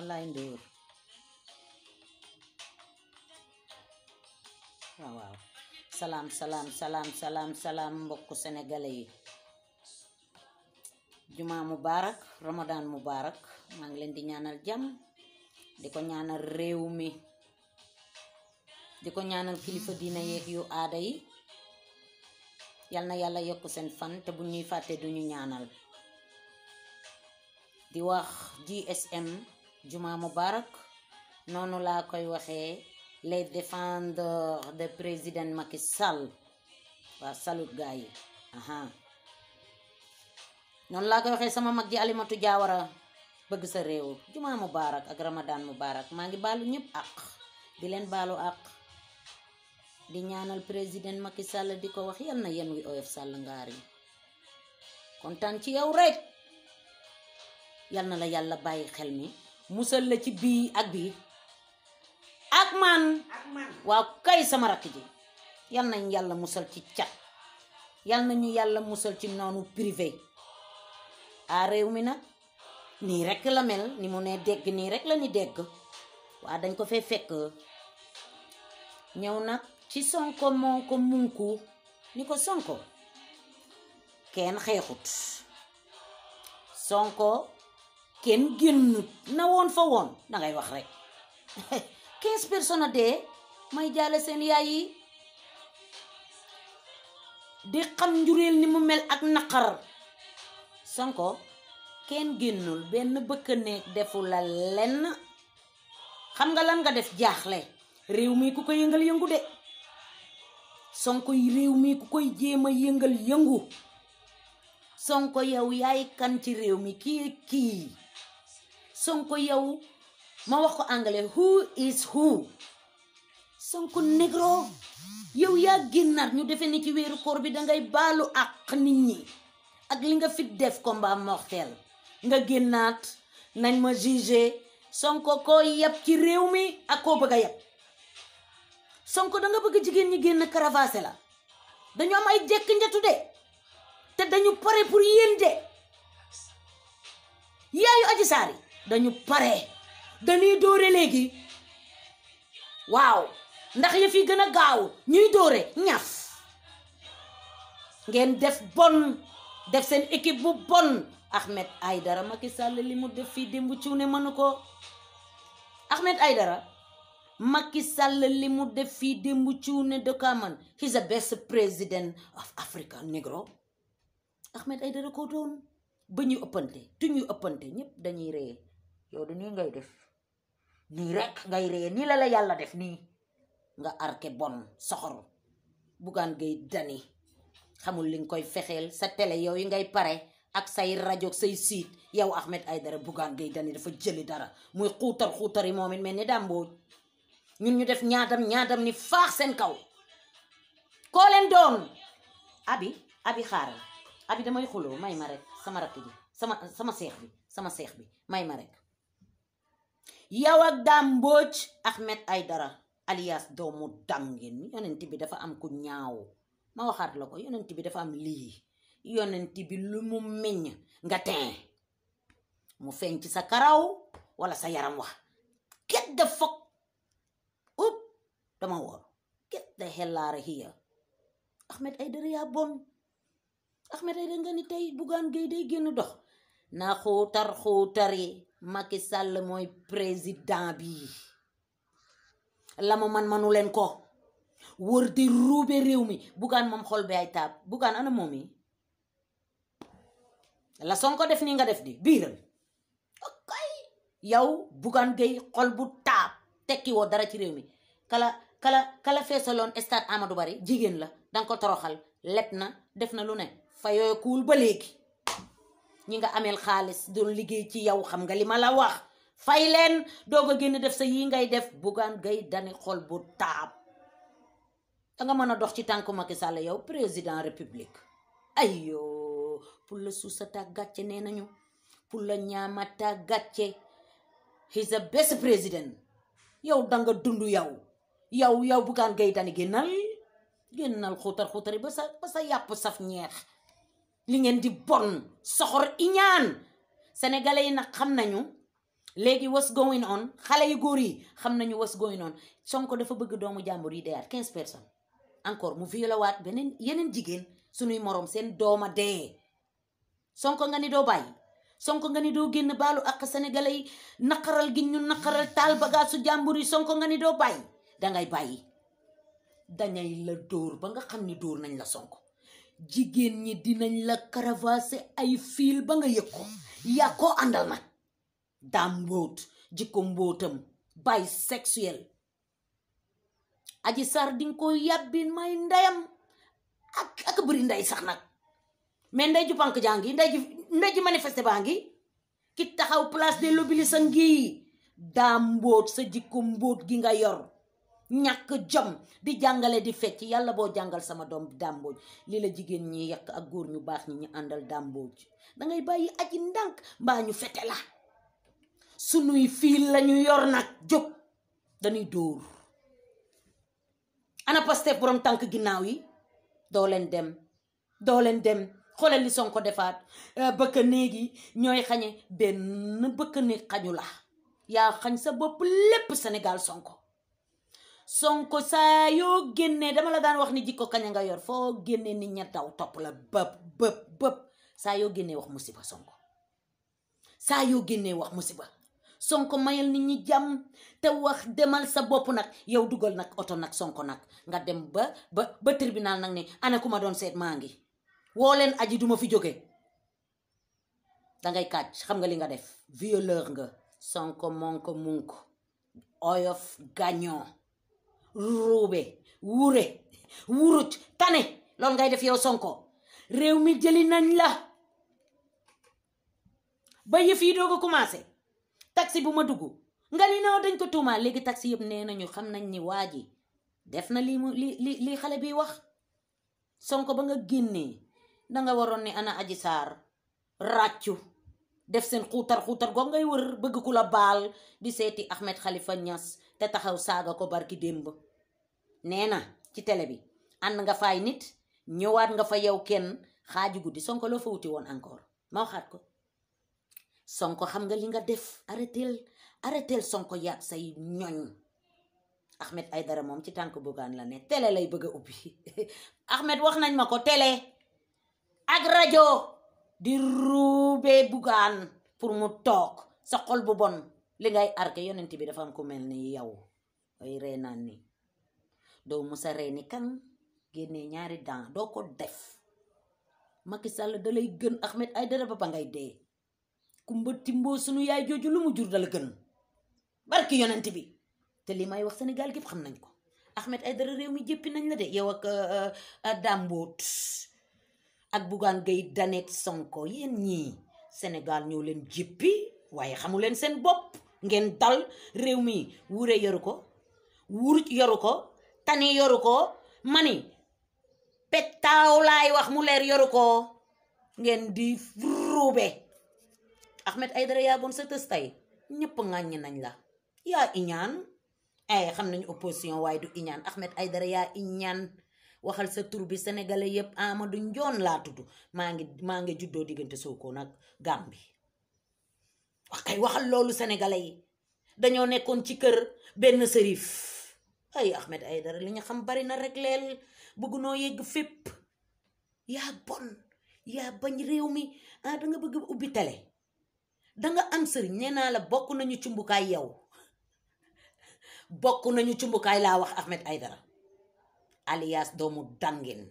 online waaw salaam salaam salaam salaam salaam mbokku sénégalais yi juma mubarak ramadan mubarak maa ngi leen di ñaanal jàmm di ko ñaanal réew mi di ko ñaanal kilifa diina yeeg yu aada yi yal na yàlla yokk seen fan te bu ñuy fàtte duñu ñaanal di wax GSM juma mubarak noonu laa koy waxee les défenseurs de président Macky Sall waaw salut gars yi aha noonu laa koy waxee sama mag ji Alimatu Jaawara bëgg sa réew juma mubarak ak ramadan mubarak maa ngi baalu ñëpp àq di leen baalu àq di ñaanal président Macky Sall di ko wax yal na yen wi oyof Sall ngaar yi kontaan ci yow rek yal na la yàlla bàyyi xel mi musal la ci bii ak bii ak man waaw kay sama rakk ji yal nañ yàlla musal ci cat yal nañu yàlla musal ci noonu privé ah réew mi nag nii rekk la mel ni mu ne dégg nii rekk la ni dégg waa dañ ko fee fekk ñëw nag ci sonko moo ko munku ni ko sonko kenn xeexut sonko kenn génnut na woon fa woon dangay wax rekk quinze personnes de dee may jaale seen yaay yi di xam njureel ni mu mel ak naqar Sonko kenn génnul benn bëkk néeg defu la lenn xam nga lan nga def jaaxle réew mi ku ko yëngal yëngu de Sonko réew mi ku koy jéema yëngal yëngu Sonko yow yaay kan ci réew mi kii kii sonk yow ma wax ko anglais who is who Sonko negro yow yaa génnaat ñu defee ni ci wéeru koor bi dangay baalu àq nit ñi ak li nga fi def combat mortel nga génnaat nañ ma jugé sonk koo yab ci réew mi ak koo bëgg a yab Sonko danga bëgg jigéen ñi génn caravasé la dañu am ay jekk njatu de te dañu pare pour yéen de yaayu aji saari dañu pare dañuy dóore léegi waaw ndax yëf yi gën a gaaw ñuy dóore ñaf ngeen def bon def seen équipe bu bon Ahmed Aïdara Macky sàll li mu def fii démb cuune mënu ko Ahmed Aïdara Macky Sall li mu def fii démb cuune dëkka man he's the best president of Africa negro Ahmed Aïdara ko doon ba ñuy ëppante tu ñuy ëppante ñépp dañuy ree yow du nii ngay def nii rek ngay ree nii la la yàlla def nii nga arke bon soxor buggaan ngay dani xamul li nga koy fexeel sa télé yow yi ngay pare ak say rajo say siit yow Ahmed Aidara buggaan ngay dani dafa jëli dara muy xuutar xuutar yi moom it mel ni dàmbooj ñun ñu def ñaadam ñaadam ni faax seen kaw koo leen doon abi abi xaaral abi damay xuloo may ma rek sama rakk ji sama seex bi sama seex bi may ma rek yow ak Dame Mbodj Ahmed Aidara alias doomu dangeen mi bi dafa am ku ñaaw ma waxaat la ko yonent bi dafa am lii yonent bi lu mu meññ nga teen mu feeñ ci sa karaw wala sa yaram wax get the fuck up dama woor get the hell out of here yaa bon Ahmed Aidara nga ni tey Bougane Gueye day génn dox naa xuutar xuutari Macky Sall mooy président bi la ma man manu leen ko wër di ruube réew mi bugaan moom xol bi ay taab bugaan ana moom yi la ko def nii nga def di biiral ok yow bugaan gay xol bu taab tekki woo dara ci réew mi kala kala kala feesaloon stade Amadou bari jigéen la danga ko toroxal leb na def na lu ne fa yooyu kuul ba léegi ñi nga ameel xaalis doon liggéey ci yow xam nga li ma la wax fay leen doog a génn def sa yi ngay def bugaan gay dani xol bu taab danga mën a dox ci tànku Macky Sall yow président république ayo pour la suusata gàcce nee nañu pour la ñaamata gàcce he's the best président yow danga dund yow yow yow bugaan gay dani génnal génnal xuutar xuutari ba sa ba sa yàpp saf ñeex li ngeen di bon soxor iñaan sénégalais yi nag xam nañu léegi was going on xale yu góor yi xam nañu what's going on sonk dafa bëgg doomu jàmbur yi deyaat quinze personnes encore mu violé waat beneen yeneen jigéen suñuy moroom seen dooma dee sonk nga ni doo bàyyi Sonko nga ni doo génn baalu ak sénégalais yi naqaral gi ñu naqaral taal bagage jàmbur yi Sonko nga ni doo bàyyi dangay bàyyi dañay la dóor ba nga xam ni dóor nañ la Sonko jigéen ñi dinañ la caravasé ay fiil ba nga yëg ko yaa ko àndal nag daan mbóot jikko mbóotam bisexuel aji sar dinga ko yàbbin may ndeyam ak ak bëri ndey sax nag mais ndey ju pànk jaa ngi ndey ji ndey manifesté baa ngi ki taxaw place de l'Obélisque ngi daam mbóot sa jikko mboot gi nga yor ñàkk jom di jàngale di fecc yàlla boo jàngal sama doom dàmbooj lii la jigéen ñi yàq ak góor ñu baax ñi ñu àndal dàmbooj dangay bàyyi aji ndànk mbaa ñu fete la sunuy fiil lañu yor nag jóg dañuy dóor ana Pastef boroom tànk ginnaaw yi doo leen dem doo leen dem xoolal li Sonko defaat eh, bëkk néeg yi ñooy xañe benn bëkk néeg xañu la yaa xañ sa bopp lépp Sénégal Sonko sonko saa yoo génnee dama la daan wax ni jikko kaña nga yor foo génnee ni ña daw topp la bëpp bëpp bëpp saa yoo génnee wax musiba sonko saa yoo génnee wax musiba sonko mayal ni ñi jàmm te wax demal sa bopp nag yow dugal nag oto nag sonko nag nga dem ba ba ba tribunal nag ni ana ku ma doon seet maa ngi woo leen aji duma fi jóge dangay kàcc xam nga li nga def violeur nga sonko monko munk oyof gagnon ruube wure wuruj tane loolu ngay def yow sonko réew mi jëli nañ la ba yëf yi doog a commencé taxi bu ma dugg nga ni noo dañ ko tuumaal léegi taxi yëpp nee nañu xam nañ ni waa ji def na lii mu lii xale bi wax sonko ba nga génnee danga waroon ni ana aji saar ràccu def seen xuutar xuutar goo ngay wër bëgg ku la baal di seeti Ahmed xalifa Niass te taxaw saaga ko barki démb nee na ci télé bi ànd nga fay nit ñëwaat nga fa yow kenn xaaju guddi sonko loo fa wuti woon encore ma waxaat ko sonko xam nga li nga def arrêtel arrêtel sonko yàgg say ñoñ ay Aidara moom ci tànk buggaan la ne tele lay bëgg ubbi Ahmed wax nañ ma ko tele ak rajo di ruubee buggaan pour mu toog sa xol bu bon li ngay arke yonent bi dafa am mel ni yow ay reenaan ni doo musa reeni kan génnee ñaari daan doo ko def Macky Sall da lay gën Ahmed Aïdara ba ba ngay dee kumba timboo sunu yaay jooju lu mu jur dala gën barki yonent bi te li may wax Sénégal gépp xam nañ ko Ahmed Aïdara réew mi jéppi nañ la de yow ak euh, dàmboot ak Bougane Gueye Dany Sonko yéen ñii Sénégal ñoo leen jéppi waaye xamu leen seen bopp ngeen dal réew mi wuure yoru ko wuur yoru ko tani yoru ko mani pettaaw laay wax mu leer yoru ko ngeen di ruube ay Aidara yaa bon sa tës tay ñëpp ŋàññi nañ la yaa iñaan ay eh, xam nañu opposition waaye du iñaan Ahmed Aidara yaa iñaan waxal sa tur bi sénégalais yëpp Amadou Njoon laa tudd maa ngi maa ngi juddoo diggante Sokone gam bi wax kay waxal loolu sénégalais yi dañoo nekkoon ci kër benn sërif ay Ahmed Aïdara li ñu xam bari na rek leel bëgg noo yegg fépp yaa bon yaa bañ réew mi ah nga bëgg ubbi tele danga am sëriñ nee naa la bokk nañu cumbukaay yow bokk nañu cumbukaay laa wax Ahmed Aïdara alias doomu dangin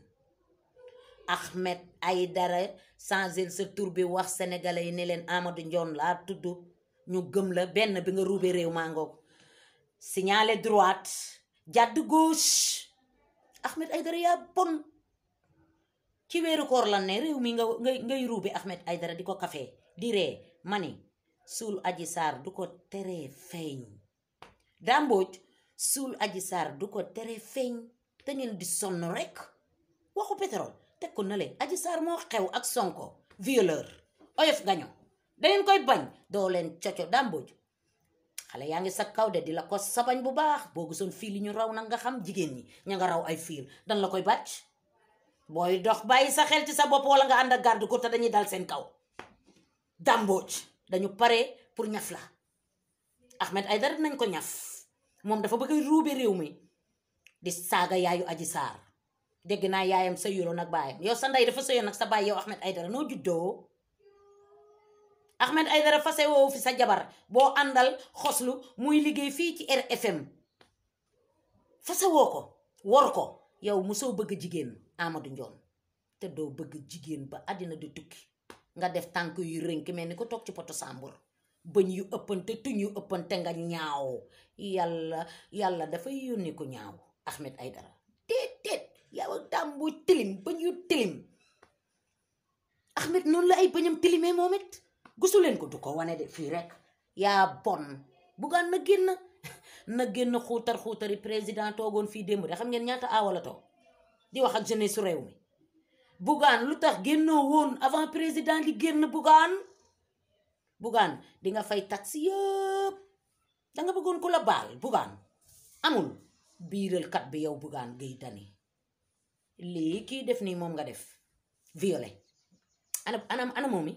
ay dara changer sa tur bi wax sénégalais yi ne leen Amadou Ndione laa tudd ñu gëm la benn bi nga ruube réew maa ngoog signalé droite jàdd gauche Ahmed Aïdara yaa bon ci weeru koor lan ne réew mi nga ngay ruube Ahmed Aïdara di ko kafe di ree mani suul aji saar du ko teree feeñ dàmbooj suul aji saar du ko teree feeñ te ngeen di sonn rek waxu pétrole teg na leen aji saar moo xew ak sonko violeur oyof gaño dangeen koy bañ doo leen coco dàmbooj xale yaa ngi sa kaw de di la ko sa bañ bu baax boo gisoon fii li ñu raw nag nga xam jigéen ñi ña nga raw ay fiil dan la koy bàcc booy dox bàyyi sa xel ci sa bopp wala nga ànd ak garde ko te dañuy dal seen kaw dàmbooj dañu pare pour ñaf la ay Aidara nañ ko ñaf moom dafa bëgg ruube réew mi di saaga yaayu aji saar dégg naa yaayam sa sëyuloon ak baayam yow sa ndey dafa sëyoon nag sa baay yow Ahmed Aidara noo juddoo Ahmed Aidara fase woowu fi sa jabar boo àndal xoslu muy liggéey fii ci RFM fasewoo ko wor ko yow mosoo bëgg jigéen Amadou njoon te doo bëgg jigéen ba àddina di tukki nga def tànk yu rënk mel ni ko toog ci poto sàmbur bëñ yu ëppante tuñ yu ëppante nga ñaaw yàlla yàlla dafay yónni ko ñaaw Ahmed Aidara daam buy tilim bëñ yu tilim Ahmed noonu la ay bëñam tilimee moom it gusu leen ko du ko wane de fii rek yaa bon buggaan na génn na génn xuutar xuutari président toogoon fii démb de xam ngeen ñaata aawala toog di wax ak jeunesse su réew mi buggaan lu tax génnoo woon avant président di génn buggaan buggaan di nga fay tax yëpp danga bëggoon ku la baal buggaan amul biiral kat bi yow buggaan gay dani léegi kii def nii moom nga def violé ana anam ana moomi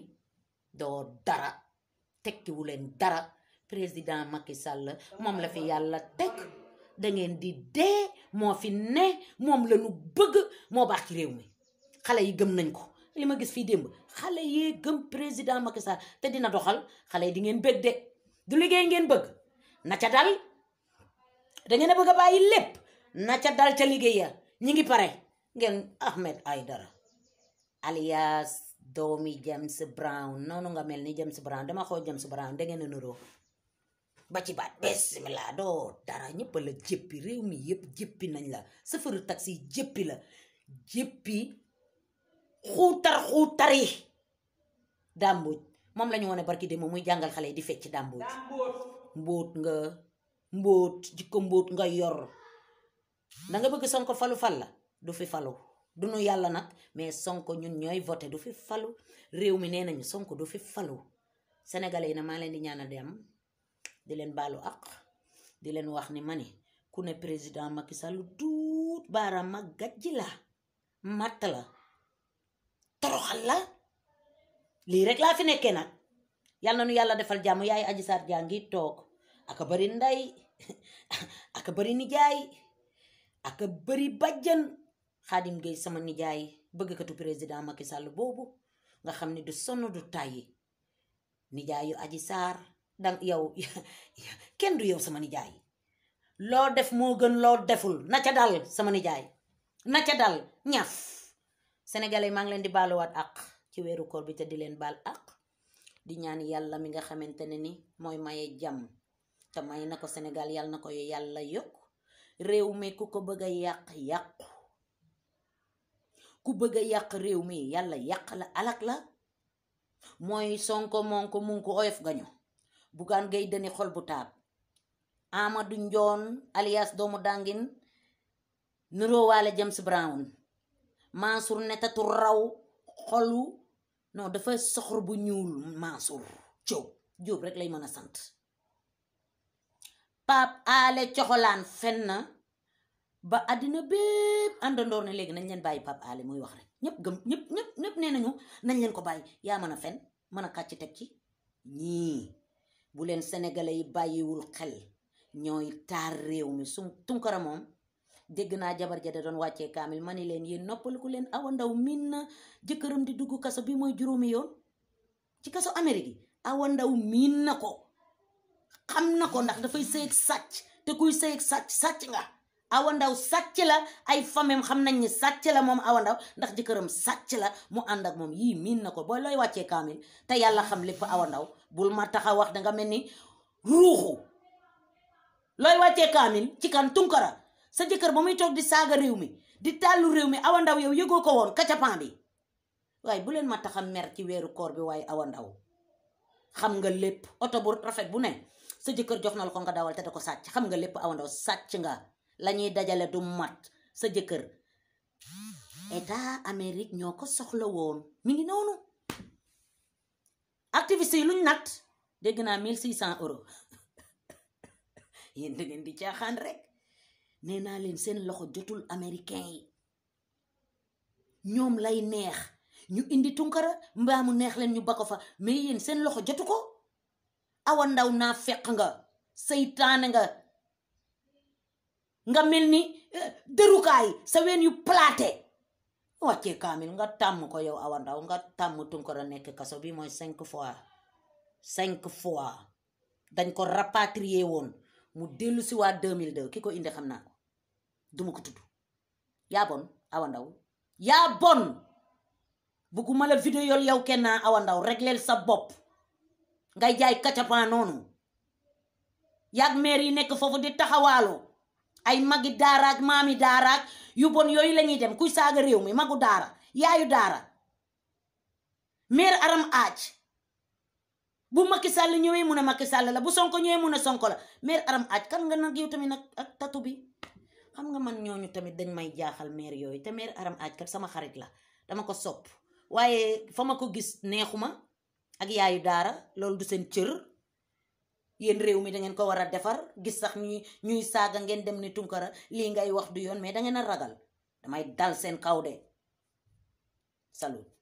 doo dara tekkiwu leen dara président Macky Sall moom la fi yàlla teg da ngeen di dee moo fi ne moom lanu bëgg moo baax ci réew mi xale yi gëm nañ ko li ma gis fii démb xale yee gëm président Macky Sall te dina doxal xale yi di ngeen bëgg de du liggéey ngeen bëgg na ca dal da a bëgg a bàyyi lépp na ca dal ca liggéey ya ñi ngi pare ngeen Ahmed Aidara alias doomi James Brown noonu nga mel ni James Brown dama xool James Brown da ngeen a ba ci baat bismillah doo dara ñëpp la jëppi réew mi yëpp jëppi nañ la safaru taxi jëppi la jëppi xuutar xuutar yi dàmbuj moom lañu ñu wone barki démb muy jàngal xale yi di fecc dàmbuj mbóot nga mbóot jikko mbóot nga yor da nga bëgg Sonko falu fal la du fi falu du nu yàlla nag mais sonko ñun ñooy voté du fi falu réew mi nee nañu sonko du fi falu sénégalais yi na maa leen di ñaana di di leen baalu ak di leen wax ni mani ku ne président Macky Sall duut baaraam ma gàjji la matt la toroxal la lii rek laa fi nekkee nag yàlla na nu yàlla defal jàmm yaay aji sar jaa ngi toog aka bari nday aka bari nijaay aka bari bàjjan Khadim Gueye sama nijaay bëggkatu président Macky sàll boobu nga xam ne du sonn du tàyyi yu Adji Sarr dang yow kenn du yow sama nijaay loo def moo gën loo deful na ca dal sama nijaay na ca dal ñaf sénégalais maa ngi leen di baaluwaat ak ci weeru koor bi te di leen bal ak di ñaan yàlla mi nga xamante ne ni mooy maye jàmm te may na ko senegal yàlla na koy yàlla yokk réew mi ku ko bëgg yàq yàq ku bëgg yàq réew mi yàlla yàq la alak la mooy sonko monko munko oyof gaño bugaan gay dani xol bu taab Amadou Njoon alias doomu dàngin nuroowaale James Brown Mansour netatu raw xolu non dafa soxor bu ñuul Mansour Jóob Jóob rek lay mën a sant Pape Ale coxolaan fen ba àddina bépp àndandoor na léegi nañ leen bàyyi Pape Alé muy wax rek ñëpp gëm ñëpp ñëpp ñëpp nee nañ leen ko bàyyi yaa man a fen mën a kàcc teg ci ñii bu leen sénégalais bàyyiwul xel ñooy taar réew mi su tunkara moom dégg naa jabar ja da doon wàccee kaamil ma ni leen yéen noppaliku leen awa ndaw miin na jëkkëram di dugg kaso bi mooy juróomi yoon ci kaso Amérique yi awa ndaw miin na ko xam na ko ndax dafay sëy ak sàcc te kuy sëy ak sàcc sàcc nga awa ndaw sàcc la ay famem xam nañ ni sàcc la moom awa ndaw ndax jëkkëram sàcc la mu ànd ak moom yii miin na ko booy looy wàccee kaamil te yàlla xam lépp awa ndaw bul ma taxa wax danga mel ni ruuxu wàccee kaamil ci kan tunkara sa jëkkër ba muy toog di saaga mi di tàllu réew mi awa ndaw yow yëgoo ko woon kacapan bi waaye bu leen tax a mer ci weeru koor bi waaye awa ndaw xam nga lépp oto bu rafet bu ne sa jëkkër jox na la ko nga dawal te da ko sàcc xam nga lépp awa sàcc nga lañuy dajale du mat sa jëkkër état Amérique ñoo ko soxla woon mi ngi noonu activiste yi luñ nat dégg naa mille six cent euros yéen di caaxaan rek nee naa leen seen loxo jotul américain yi ñoom lay neex ñu indi tunkara mbaa mu neex leen ñu ba ko fa mais yéen seen loxo jotu ko awa ndaw naa fekk nga seytaane nga nga mel ni eh, dërukaay sa ween yu platé wàccee kaamil nga tàmm ko yow Awa Ndaw nga tàmm Tunkara nekk kaso bii mooy cinq fois cinq fois dañ ko rapatrié woon mu dellu si waa 2002 ki ko indi xam naa ko duma ko tudd yaa bon Awa Ndaw yaa bon bugguma la yool yow kenn naa Awa Ndaw regleel sa bopp ngay jaay kacapaa noonu yaag maire yi nekk foofu di taxawaaloo ay magi maam yi daaraak yu bon yooyu lañuy dem kuy saaga réew mi magu daara yaayu daara meer aram aaj bu makki sàll ñëwee mun a Macky Sall la bu Sonko ñëwee mun a Sonko la meer aram aaj kan nga nag yow tamit ak tatu bi xam nga man ñooñu tamit dañ may jaaxal meer yooyu te meer aram aaj kat sama xarit la dama ko sopp waaye fa ma ko gis neexu ma ak yaayu daara loolu du seen cër yéen réew mi dangeen ko war a defar gis sax ñuy ñuy saaga ngeen dem ni tunkara lii ngay wax du yoon mais da a ragal damay dal seen kaw de salut